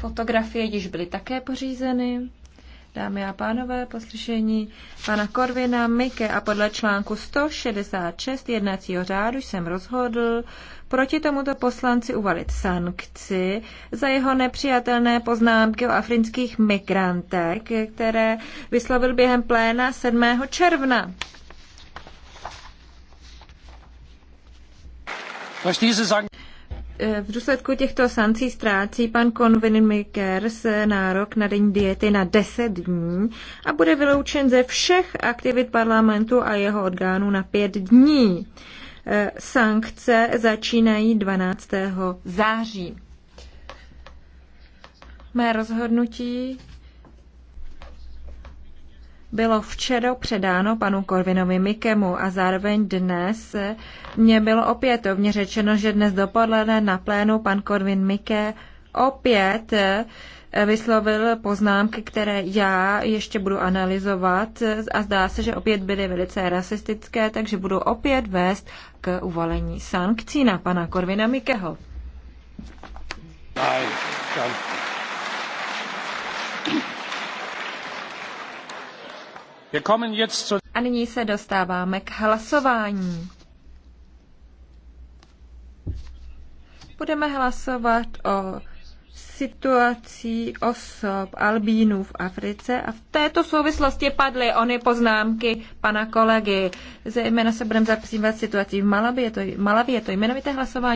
Fotografie již byly také pořízeny. Dámy a pánové, poslyšení pana Korvina Mike a podle článku 166 jednacího řádu jsem rozhodl proti tomuto poslanci uvalit sankci za jeho nepřijatelné poznámky o afrických migrantech, které vyslovil během pléna 7. června. Durch diese Eh, v důsledku těchto sankcí ztrácí pan Convin se eh, nárok na denní diety na 10 dní a bude vyloučen ze všech aktivit parlamentu a jeho orgánů na 5 dní. Eh, sankce začínají 12. září. Mé rozhodnutí bylo včera předáno panu Korvinovi Mikemu a zároveň dnes mě bylo opětovně řečeno, že dnes dopoledne na plénu pan Korvin Mike opět eh, vyslovil poznámky, které já ještě budu analyzovat eh, a zdá se, že opět byly velice rasistické, takže budu opět vést k uvalení sankcí na pana Korvina Mikeho. Nein, A nyní se dostáváme k hlasování. Budeme hlasovat o situací osob albínů v Africe a v této souvislosti padly ony poznámky pana kolegy. Zejména se budeme zapřívat situací v Malavě, je to, je to jmenovité hlasování.